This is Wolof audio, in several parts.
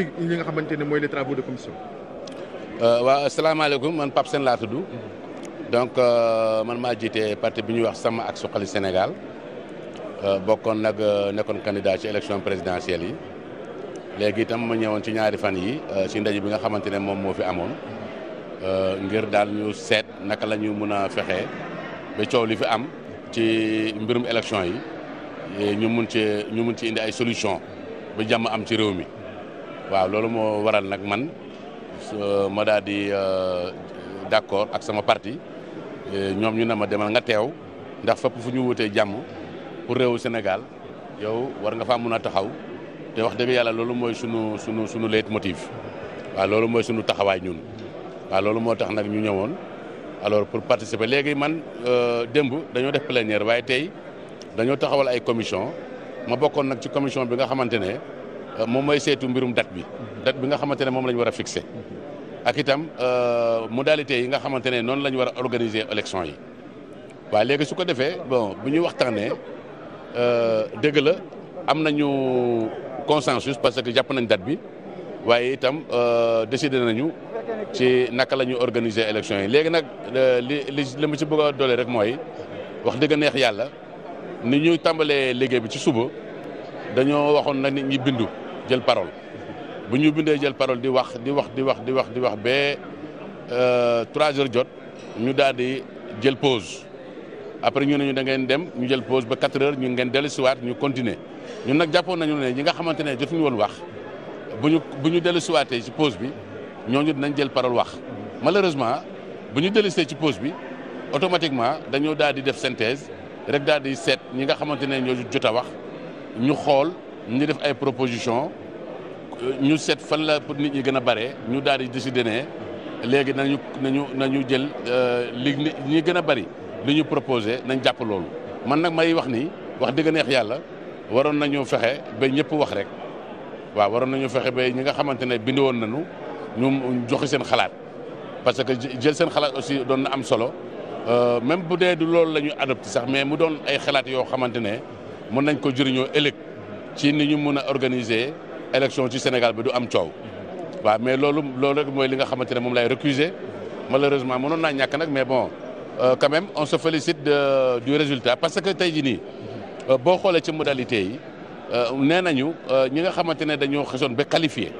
ci li nga xamante ne mooy les travaux de euh, waaw asalaamaaleykum man Pape Sène laa donc euh, man maa jiite parti bi ñuy wax sama ak Suqali Sénégal euh, bokkoon nag nekkoon candidat ci élection présidentielle yi léegi itam ma ñëwoon ci ñaari fan yi ci ndaje bi nga xamante ne moom moo fi amoon ngir daal ñu seet naka la ñu mën a fexee ba coow li fi am ci mbirum élection yi ñu mun ci ñu mun ci indi ay solution ba jàmm am ci réew mi. waaw loolu moo waral nag man ma daal di euh, d'accord ak sama parti ñoom ñu ne ma demal nga teew ndax fépp fu ñu wutee jàmm pour réewu Sénégal yow war nga faa mun a taxaw te wax dëgg yàlla loolu mooy sunu sunu sunu leitmotiv waaw loolu mooy sunu taxawaay ñun waa loolu moo tax nag ñu ñëwoon alors pour participer léegi man euh, démb dañoo def plénière waaye tey dañoo taxawal ay commission ma bokkoon nag ci commission bi nga xamante ne Euh, moom mooy seetu mbirum date bi date bi nga xamante ne moom la ñu war a ak itam euh, modalité yi nga xamante ne noonu la ñu war a organiser élection yi waaye léegi su ko defee bon bu ñu waxtaanee euh, dëgg la am nañu consensus parce que jàpp nañ date bi waaye itam décidé nañu ci naka la ñu organiser élection yi léegi nag li li li ma ci bëgg a doole rek mooy wax dëgg neex yàlla ni ñu tàmbalee liggéey bi ci suba dañoo waxoon nag nit ñi bindu jël parole bu ñu bindee jël parole di wax di wax di wax di wax di wax ba euh, trois heures jot ñu daal di jël pause après ñu ne ñu da ngeen dem ñu jël pause ba quatre heures ñu ngeen dellu siwaat ñu continuer ñu nag jàppoon nañu ne ñi nga xamante ne jotuñu woon wax bu ñu bu ñu dellu siwaatee ci pause bi ñu dinañ jël parole wax malheureusement bu ñu dellusee ci pose bi automatiquement dañoo daal di def synthèse rek daal di seet ñi nga xamante ne ñoo jot a wax ñu xool. ñu def ay proposition ñu seet fan la pour nit ñi gën a bare ñu daal di décider ne léegi nañu nañu nañu jël euh, li ñi gën a bari li ñu proposé nañ jàpp loolu man nag may wax ni wax dëgg neex yàlla waroon nañu fexe ba ñëpp wax rek waaw waroon nañu fexe ba ñi nga xamante ne bind woon nañu ñu joxe seen xalaat parce que jël seen xalaat aussi doon na am solo euh, même bu dee du loolu lañu ñu sax mais mu doon ay xalaat yoo xamante ne mën nañ ko jëriñoo ëllëg ci ni ñu mun a organiser élection ci Sénégal bi du am coow waaw mais loolu loolu rek mooy li nga xamante ne moom lay récuser malheureusement mënoon naa ñàkk nag mais bon euh, quand même on se félicite de, du résultat parce que tey jii nii euh, boo xoolee ci modalité yi euh, nee ñu ñi nga xamante ne dañoo xesoon ba qualifié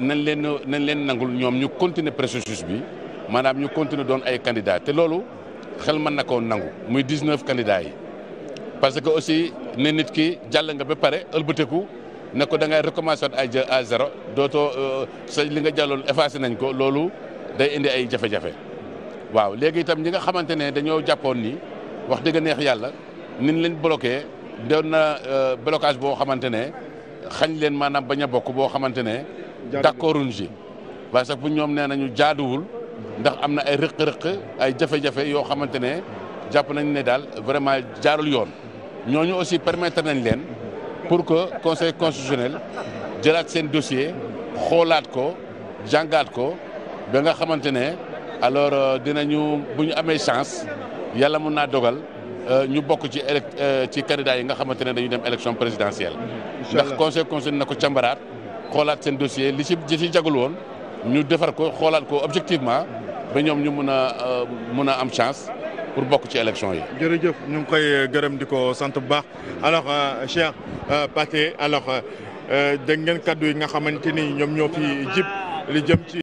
nañ leen nañ leen nangul ñoom ñu continuer processus bi maanaam ñu continuer doon ay candidats te loolu xel mën na koo nangu muy 19 candidats yi. parce que aussi ne nit ki jàll nga ba pare ëlbateku ne ko da ngay recommencer ay à zéro dootoo euh, sa li nga jàlloon effacé nañ ko loolu day indi ay jafe-jafe waaw léegi itam ñi nga xamante ne dañoo jàppoon ni wax dëgg neex yàlla niñ leen bloqué doon na euh, blocage boo xamante ne xañ leen maanaam bañ a bokk boo xamante ne d'accorduñ si parce que bu ñoom nee nañu jaaduwul ndax am na ay rëq-rëq ay jafe-jafe yoo xamante ne jàpp nañ ne daal vraiment jaarul yoon ñooñu aussi permettre nañ leen pour que conseil constitutionnel jëlaat seen dossier xoolaat ko jàngaat ko ba nga xamante ne alors euh, dinañu bu ñu amee chance yàlla mun naa dogal euh, ñu bokk ci élec euh, ci candidat yi nga xamante ne dañu dem élection présidentielle. ndax conseil constitutionnel na ko cambaraat xoolaat seen dossier li ci li ci jagul woon ñu defar ko xoolaat ko objectivement ba ñoom ñu mun a mun a am chance. pour bokk ci élection yi. jërëjëf ñu ngi koy euh, gërëm di ko sant bu baax alors euh, Cheikh euh, Pathé alors dégg ngeen kaddu yi nga xamante ni ñoom ñoo fi jib li jëm